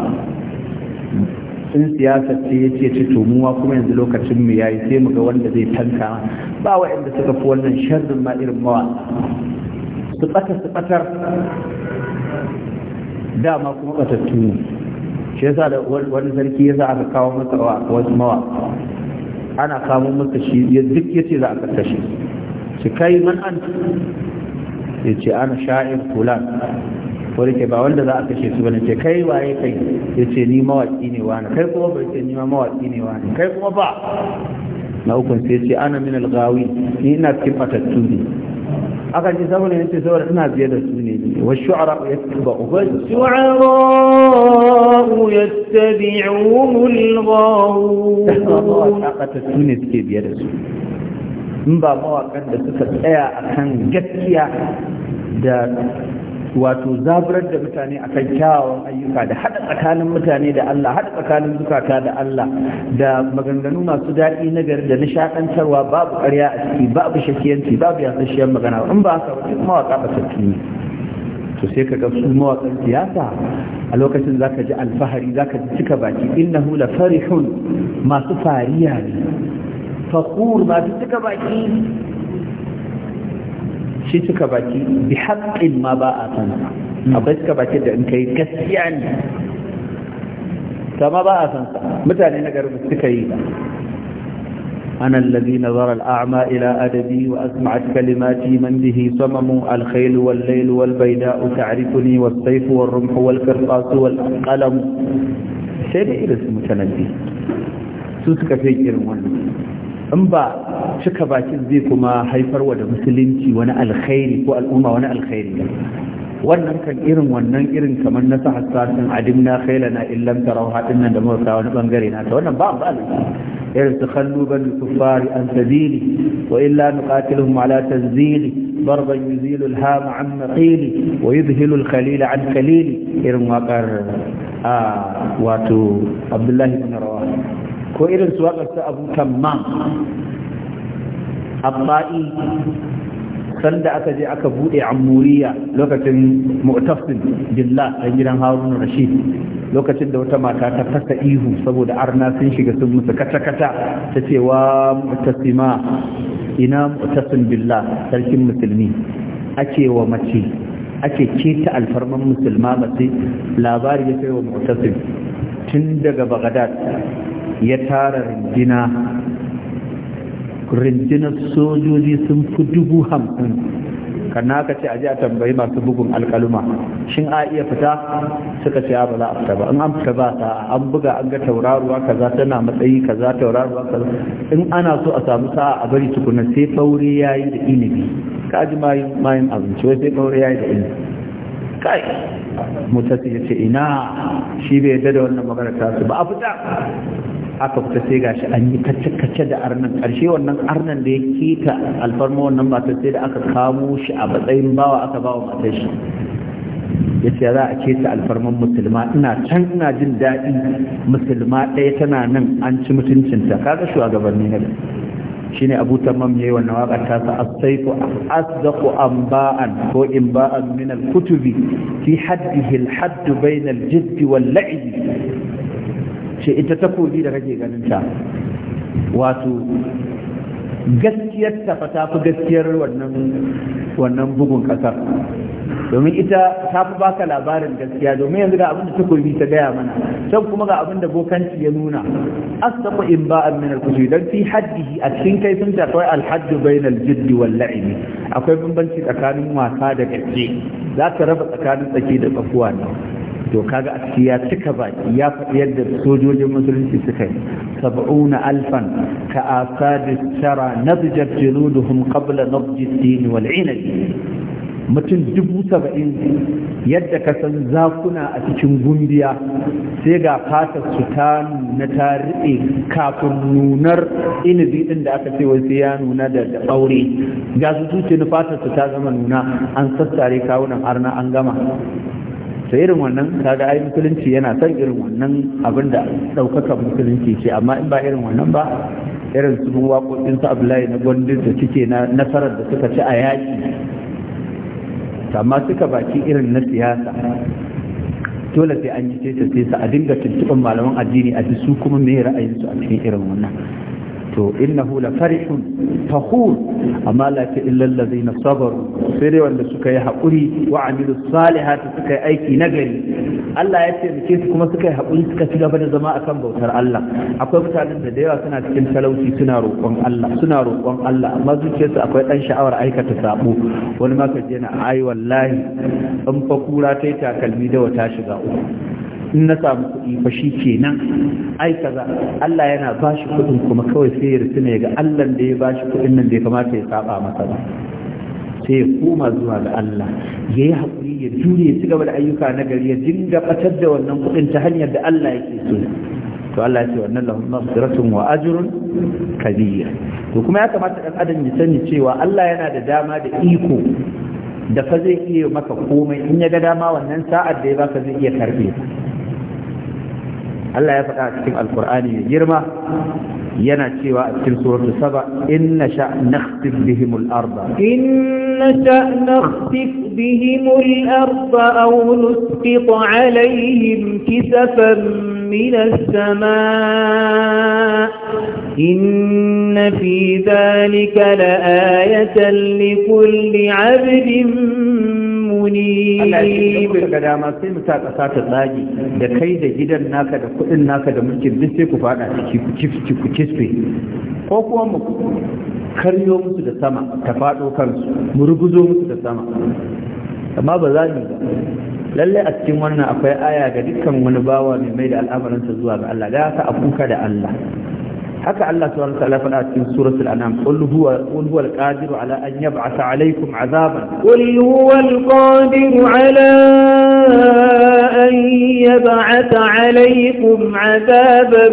in siyasa ce ya ce ce tomuwa kuma yanzu lokacin mu yayi sai mu ga wanda zai tanka ba wa inda suka fi wannan sharrin ma irin mawa su ɓata su ɓatar dama kuma batattu ne shi yasa da wani sarki yasa aka kawo masa wasu mawa ana kawo masa shi ya duk yace za a karkashe shi kai man an ya ce ana sha'ir fulan da ke ba wanda za a kashe su bane ce kai waye kai ya ce ni mawaƙi ne wani kai kuma bai ce ni mawaƙi ne wani kai kuma ba na ukun sai ce ana min algawi ni ina cikin matattu ne aka ce saboda yace saboda ina biye da su والشعراء يتبعون الشعراء يتبعون الغاوون حقا تسونت كيف يا ايا اخان جتيا دا واتو زابر دا متاني اكاكاو ايوكا دا حد اكان متاني دا الله حد اكان زكاكا دا الله دا مغنغنو ما سدائي نگر دا نشاق انسر باب ارياء اسكي باب شكي انسي باب ياسشي مغنغنو مبا سوى مواقع بسكي to sai ka ga su mawakan siyasa a lokacin za ka ji alfahari za ka cika baki innahu la farihun masu fariya ne fakur masu cika baki shi cika baki bi haƙƙin ma ba a san akwai cika baki da in kai gaskiya ne sama ba a san mutane na garin suka yi أنا الذي نظر الأعمى إلى أدبي وأسمعت كلماتي من به صمم الخيل والليل والبيداء تعرفني والسيف والرمح والقرطاس والقلم sai da irin su mutanabbi su suka fi irin wannan in ba cika bakin zai kuma haifarwa da musulunci ko al'umma wani alkhairi wannan kan irin wannan irin kamar na sahar sasin adimna illanta illam tarau hadin nan da muka wani bangare na ta wannan ba ba irin su khallu bal kuffari an sabili wa illa nuqatiluhum ala tanzili darban yuzilu alhama an maqili wa yudhilu alkhalila an khalili irin waƙar wato abdullahi ibn rawa ko irin su waƙar su abu tamam abba'i sanda aka je aka bude amuriya lokacin mu'tafsin billah dan gidan harun rashid lokacin da wata mata ta fasa ihu saboda arna sun shiga sun musu kata ta ce wa mu'tasima ina mu'tasin billah sarkin musulmi ake wa mace ake ta alfarman musulma mace labari ya kai wa mu'tasim tun daga bagadad ya tara rindina Rinjina sojoji sun fi dubu hamsin kana ka ce a ji a tambayi masu bugun alkaluma shin a iya fita suka ce ba za a fita ba in an fita ba ta an buga an ga tauraruwa kaza tana matsayi kaza tauraruwa kaza in ana so a samu sa'a a bari tukuna sai faure yayi da inibi ka ji mayin mayin abinci wai sai faure yayi da inibi kai mutasi ya ce ina shi bai yadda da wannan magana ta su ba a fita aka fita sai gashi an yi kace-kace da arnan ƙarshe wannan arnan da ya keta alfarma wannan matar sai da aka kamo shi a matsayin bawa aka bawa matar shi ya ce za a keta alfarman musulma ina can ina jin daɗi musulma ɗaya tana nan an ci mutuncinta kaga shugabanni na shine abu tamam yayi wannan waka ta sa asayfu asdaqu ba'an ko inba'an min al-kutubi fi haddihi al-hadd bayna jiddi wal ce ita takobi da kake ganin ta wato gaskiyar ta fa ta fi gaskiyar wannan bugun kasar domin ita ta fi baka labarin gaskiya domin yanzu ga abin da takobi ta gaya mana can kuma ga abin da bokanci ya nuna asdaqu in ba min al dan fi haddihi a cikin kaifin ta alhadu al-hadd bain wal akwai bambanci tsakanin wasa da gaske za ka raba tsakanin tsaki da tsakuwa ne to kaga a ciki ya cika baki ya faɗi yadda sojojin musulunci suka yi sab'una alfan ka asadi shara nadjar juluduhum qabla nadji din wal inabi mutum dubu saba'in yadda ka san zakuna a cikin gumbiya sai ga fatar su ta nuna ta kafin nunar inabi ɗin da aka ce sai ya nuna da ɓaure ga su tuce fatar su ta zama nuna an sassare kawunan arna an gama to irin wannan kaga ai musulunci yana son irin wannan abin da ɗaukakan musulunci ce amma in ba irin wannan ba irin su waƙoƙin su abdullahi na gwandun da suke na nasarar da suka ci a yaƙi amma suka baki irin na siyasa dole sai an yi sai sai a dinga tuntuɓar malaman addini a su kuma me ra'ayinsu a cikin irin wannan to innahu la farihun fakhur amma la ta illa allazina sabaru sai dai wanda suka yi hakuri wa amilu salihati suka yi aiki nagari Allah ya ce muke su kuma suka yi hakuri suka ci gaba da zama akan bautar Allah akwai mutanen da da yawa suna cikin talauci suna roƙon Allah suna roƙon Allah amma akwai dan sha'awar aikata sabo wani ma ka je na ai wallahi in fa kura ta yi takalmi da wata shiga uku in na samu kuɗi fa shi kenan ai kaza Allah yana ba shi kuɗin kuma kawai sai ya rutuna ne ga Allah da ya ba shi kuɗin nan da ya kamata ya saba masa ba sai ya koma zuwa ga Allah ya yi haƙuri ya jure ya ci gaba da ayyuka na gari ya dinga ɓatar da wannan kuɗin ta hanyar da Allah yake so to Allah ya ce wannan lahum maghfiratun wa ajrun kabiya to kuma ya kamata ɗan adam ya sani cewa Allah yana da dama da iko da fa zai iya maka komai in ya ga dama wannan sa'ar da ya baka zai iya karbe Allah ya faɗa a cikin alkur'ani mai girma yana cewa a cikin suratu saba inna sha nakhtif bihim al-arda inna sha nakhtif bihim al-arda aw nusqit alayhim kisafan min as-samaa inna fi dhalika la ayatan li kulli 'abdin muni ga dama sai mu sa kasa ta tsage da kai da gidan naka da kuɗin naka da mulkin duk sai ku faɗa ciki ku ku kisfe ko kuma mu karyo musu da sama ta faɗo kansu mu ruguzo musu da sama amma ba za mu lalle a cikin wannan akwai aya ga dukkan wani bawa mai mai da al'amarinsa zuwa ga Allah da sa a kuka da Allah حتى الله سبحانه وتعالى في الآية سورة الأنام قل هو قل هو القادر على أن يبعث عليكم عذابا قل هو القادر على أن يبعث عليكم عذابا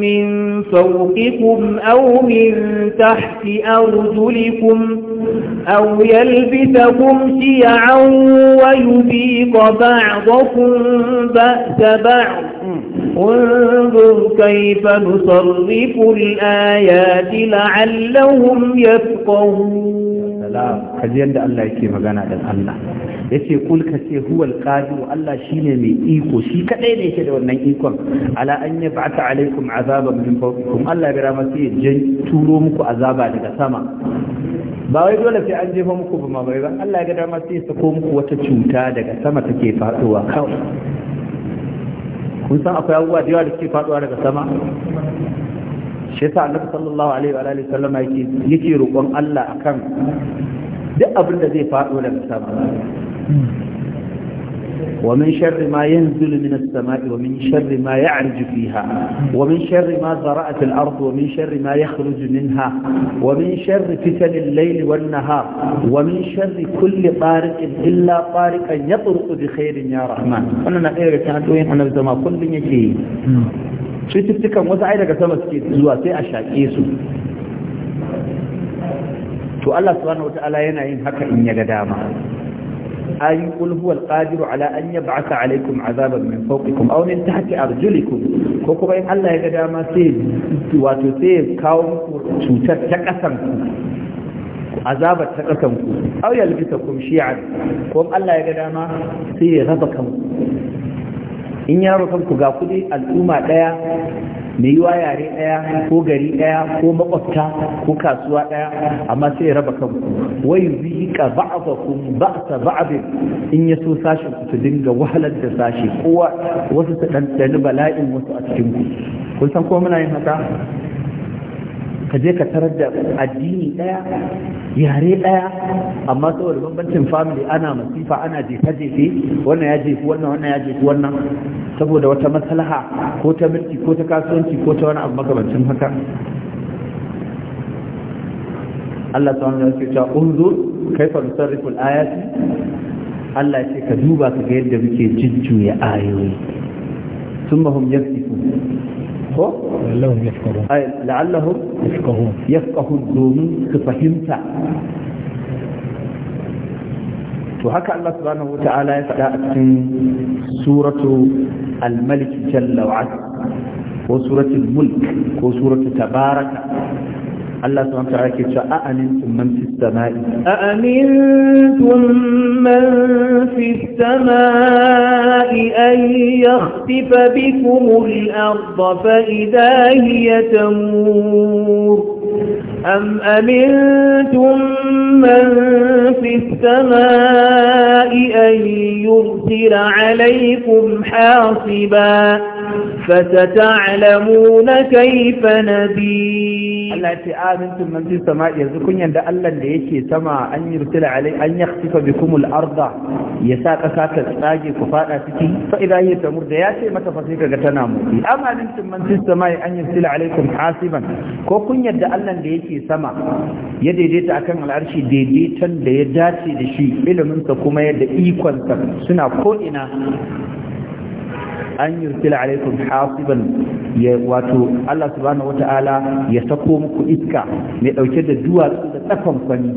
من فوقكم أو من تحت أرجلكم أو يلبسكم شيعا ويذيق بعضكم بأس بعض انظر كيف نصرف الآيات لعلهم يفقهون سلام كجين ده الله يكي مغانا ده الله yace kul ce huwa alqadir Allah shine mai iko shi kadai ne yake da wannan ikon ala an yab'atha alaikum azaban min fawqikum Allah bi rahmatihi ya turo muku azaba daga sama ba wai dole sai an jefa muku ba ma bai ba Allah ya ga dama sai ya sako muku wata cuta daga sama take faduwa kawai kun san akwai abubuwa da yawa da suke faduwa daga sama shi yasa annabi sallallahu alaihi wa alihi sallam yake yake roƙon Allah akan duk abin da zai faɗo daga sama ومن شر ما ينزل من السماء ومن شر ما يعرج فيها ومن شر ما ضرأ في الأرض ومن شر ما يخرج منها ومن شر فتن الليل والنهار ومن شر كل طارق إلا طارقا يطرق بخير يا رحمن أنا نقير كانت وين أنا بزما كل يجي cututtukan wasu ai daga sama suke zuwa sai a shaƙe su to Allah subhanahu wataala yana yin haka in ya ga dama أي قل هو القادر على أن يبعث عليكم عذابا من فوقكم أو من تحت أرجلكم كوكو إن الله يقدر ما سيب وتسيب كوم تكسنكم azabar ta ƙasanku au yalbita kum shi'an ko Allah ya ga dama sai ya raba kanku in ya al'umma ɗaya. mai yi wa yare ɗaya ko gari ɗaya ko makwabta ko kasuwa ɗaya amma sai ya raba kanku wai ka ba'aba ba'dakum ba'sa ba'd in ya so sashen ku su dinga wahalar da sashe kowa wasu su ɗanɗani bala'in wasu a cikin ku kun san ko muna yin haka ka je ka tarar da addini ɗaya yare ɗaya amma saboda bambancin family ana masifa ana jefa jefe wannan ya jefi wannan wannan ya jefi wannan saboda wata maslaha ko ta mulki ko ta kasuwanci ko ta wani abu makamancin haka Allah ta wani yake cewa unzur Kai nusarrifu al-ayati Allah ce ka duba ka ga yadda muke jujjuya ayoyi thumma hum yasifu فوق لعلهم يفقهون اي لعلهم يفقهون الله سبحانه وتعالى يفتح سورة الملك جل وعلا وسورة الملك وسورة تبارك الله سبحانه وتعالى كيف أأمنتم من في السماء أأمنتم من في السماء أن يخطف بكم الأرض فإذا هي تمور أم أمنتم من في السماء أن يرسل عليكم حاصبا فستعلمون كيف نذير Allah ya ce amintum man fis sama yanzu kunyan da Allah da yake sama an yursila alai an yakhsifa bikumul arda ya sa kasa ta tsage ku fada ciki fa idan ya tamur da ya ce mata fa sai kaga tana motsi am amintum man fis sama an yursila alaikum hasiban ko kun da Allah da yake sama ya daidaita akan al'arshi daidaitan da ya dace da shi ilimin sa kuma yadda ikon suna ko ina an yursila alaikum hasiban ya wato Allah subhanahu wata'ala ya sako muku iska mai ɗauke da duwatsu da tsafan kwani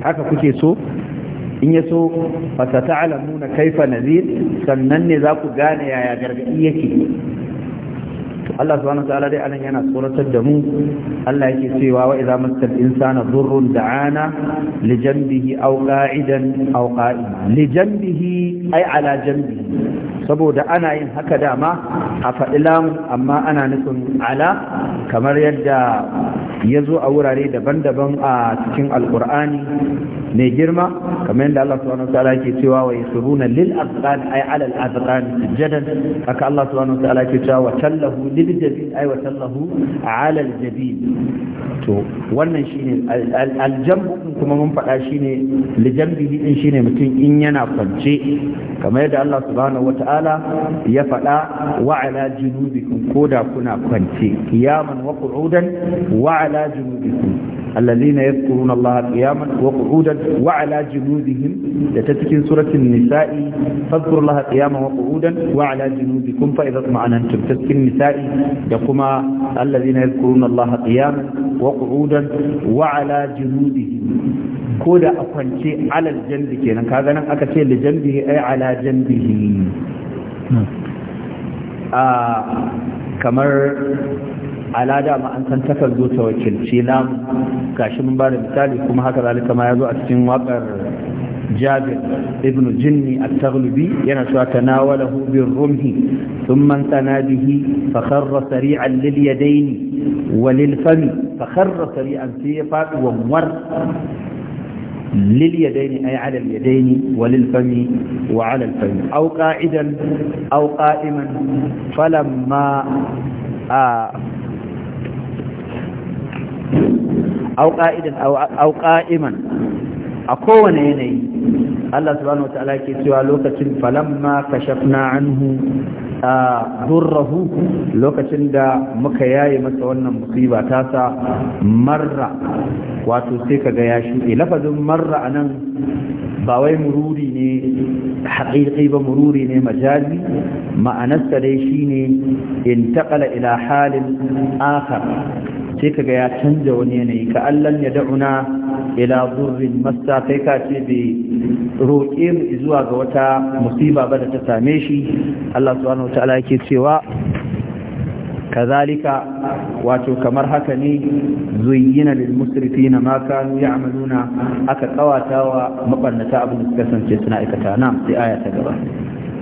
haka kuke so in ya so fasa nuna kaifa nazir sannan ne za ku gane yaya gargaɗi yake Allah subhanahu wataala dai anan yana tsoratar da mu Allah yake cewa wa idza masal insana dhurrun da'ana li janbihi aw qa'idan aw qa'ima li janbihi ay ala janbihi saboda ana yin haka dama a lamu, amma ana nufin ala kamar yadda ya zo a wurare daban-daban a cikin alkur'ani mai girma kamar yadda Allah subhanahu wa ta'ala ke cewa wa yusruna lil azqan ay ala al azqan sujadan haka Allah subhanahu wa ta'ala ke cewa tallahu lil jabin ay wa tallahu ala al jabin to wannan shine al jambu kuma mun faɗa shine li jambihi din shine mutum in yana kwance kamar yadda Allah subhanahu wa ta'ala ya faɗa wa ala junubikum koda kuna kwance qiyaman wa qu'udan wa ala junubikum alladhina yadhkuruna Allah qiyaman wa qu'udan وعلى جنودهم لتتكين سورة النساء فاذكروا الله قياما وقعودا وعلى جنودكم فإذا اطمعننتم تتكين النساء يقوم الذين يذكرون الله قياما وقعودا وعلى جنودهم كودا أقنشي على الجنب كينا كذا أكتشي لجنبه أي على جنبه آه كمر alada an san zo ta wakilci nam gashi mun ba da misali kuma haka zalika ma ya zo a cikin wakar jabir ibn jinni a taglubi yana cewa ta nawala hubin rumhi sun man tsana bihi fakharra sari'an lil yadaini wa lil fami fakharra sari'an sai ya faɗi wanwar lil yadaini ay ala wa lil fami wa ala al fami au qa'iman a kowane yanayi Allah subhanahu wataala ke cewa lokacin falamma kashafna anhu durrahu lokacin da muka yaye masa wannan musiba ta sa marra wato sai kaga ya shuɗe lafazin marra anan ba wai mururi ne haƙiƙi ba mururi ne majazi ma'anarsa dai shine intaqala ila halin akhar sai ga ya canja wani yanayi ka allan ya da'una ila zurrin masta kai ka ce bai roƙe mu zuwa ga wata musiba ba da ta same shi Allah subhanahu wataala yake cewa kazalika wato kamar haka ne zuyyina lil musrifina ma kanu ya'maluna aka kawatawa mabannata abin da suka sance suna aikata na sai aya ta gaba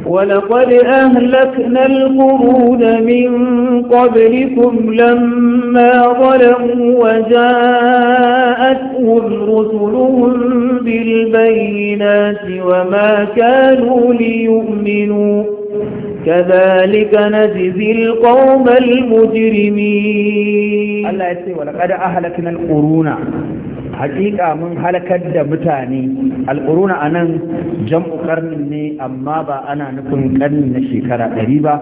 ولقد أهلكنا القرون من قبلكم لما ظلموا وجاءتهم رسلهم بالبينات وما كانوا ليؤمنوا كذلك نجزي القوم المجرمين الله يسير ولقد أهلكنا القرون haƙiƙa mun halakar da mutane alƙuruna a nan jam'u ƙarnin ne amma ba ana nufin ƙarni na shekara ɗari ba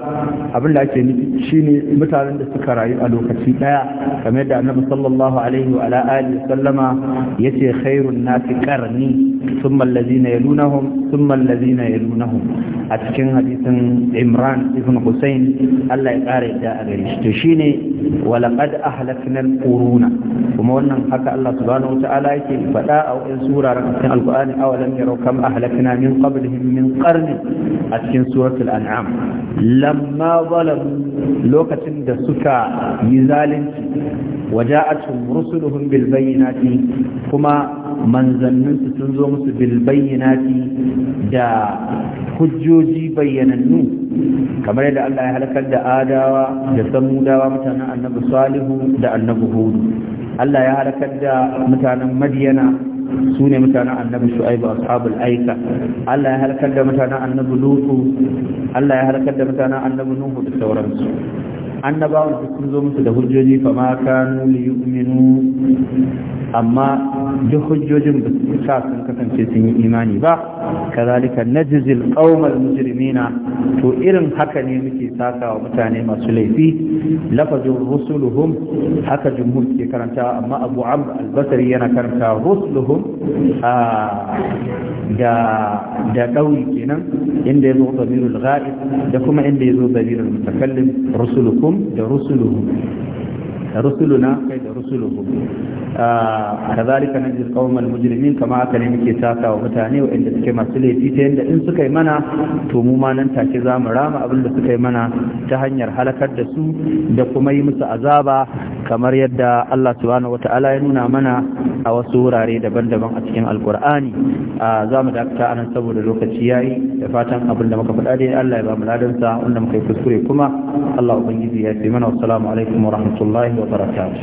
abin da ake shine mutanen da suka rayu a lokaci ɗaya kamar yadda annabi sallallahu alaihi wa alihi sallama yace khairun nasi qarni thumma allazina yalunahum thumma allazina yalunahum a cikin hadisin Imran ibn Hussein Allah ya ƙara yadda a gare shi to shine walaqad ahlakna alquruna kuma wannan haka Allah ta'ala yake faɗa a wa'in sura a cikin alƙur'ani awalam yarau kam ahlakna min qablihim min qarni a cikin suratul an'am lamma zalam lokacin da suka yi zalunci waja'atuhum rusuluhum bil bayyinati kuma manzannin su sun zo musu bil bayyinati da hujjoji bayyanannu kamar yadda Allah ya halakar da adawa da samudawa mutanen annabi salihu da annabi hudu Allah ya halakar da mutanen Madiyana su ne mutanen annabi Shu'aibu ashabul aika Allah ya halakar da mutanen annabi Lutu Allah ya halakar da mutanen annabi Nuhu da sauransu annabawan duk sun zo musu da hujjoji fa ma kanu li yu'minu amma duk hujjojin ba su sa sun kasance sun yi imani ba kazalika najzil al-qawm al-mujrimina to irin haka ne muke saka wa mutane masu laifi lafazin rusuluhum haka jumhur ke karanta amma Abu Amr al yana karanta rusuluhum da da dauri kenan inda yazo damirul ghaib da kuma inda yazo damirul mutakallim rusuluhum anbiyaa'ihim da rusuluhum rusuluna kai da rusuluhu ah, kazalika najzi alqawmal mujrimin kama haka ne muke taka wa mutane waɗanda suke masu laifi ta yanda in suka mana to mu ma nan take za mu rama abin da suka mana ta hanyar halakar da su da kuma yi musu azaba kamar yadda Allah subhanahu wata'ala ya nuna mana a wasu wurare daban-daban a cikin alkur'ani ah, za mu dakata nan saboda lokaci yayi da fatan abin da muka faɗa dai Allah ya ba mu ladansa wanda muka kuskure kuma Allah ubangiji ya fi mana wassalamu alaikum wa rahmatullahi para cá.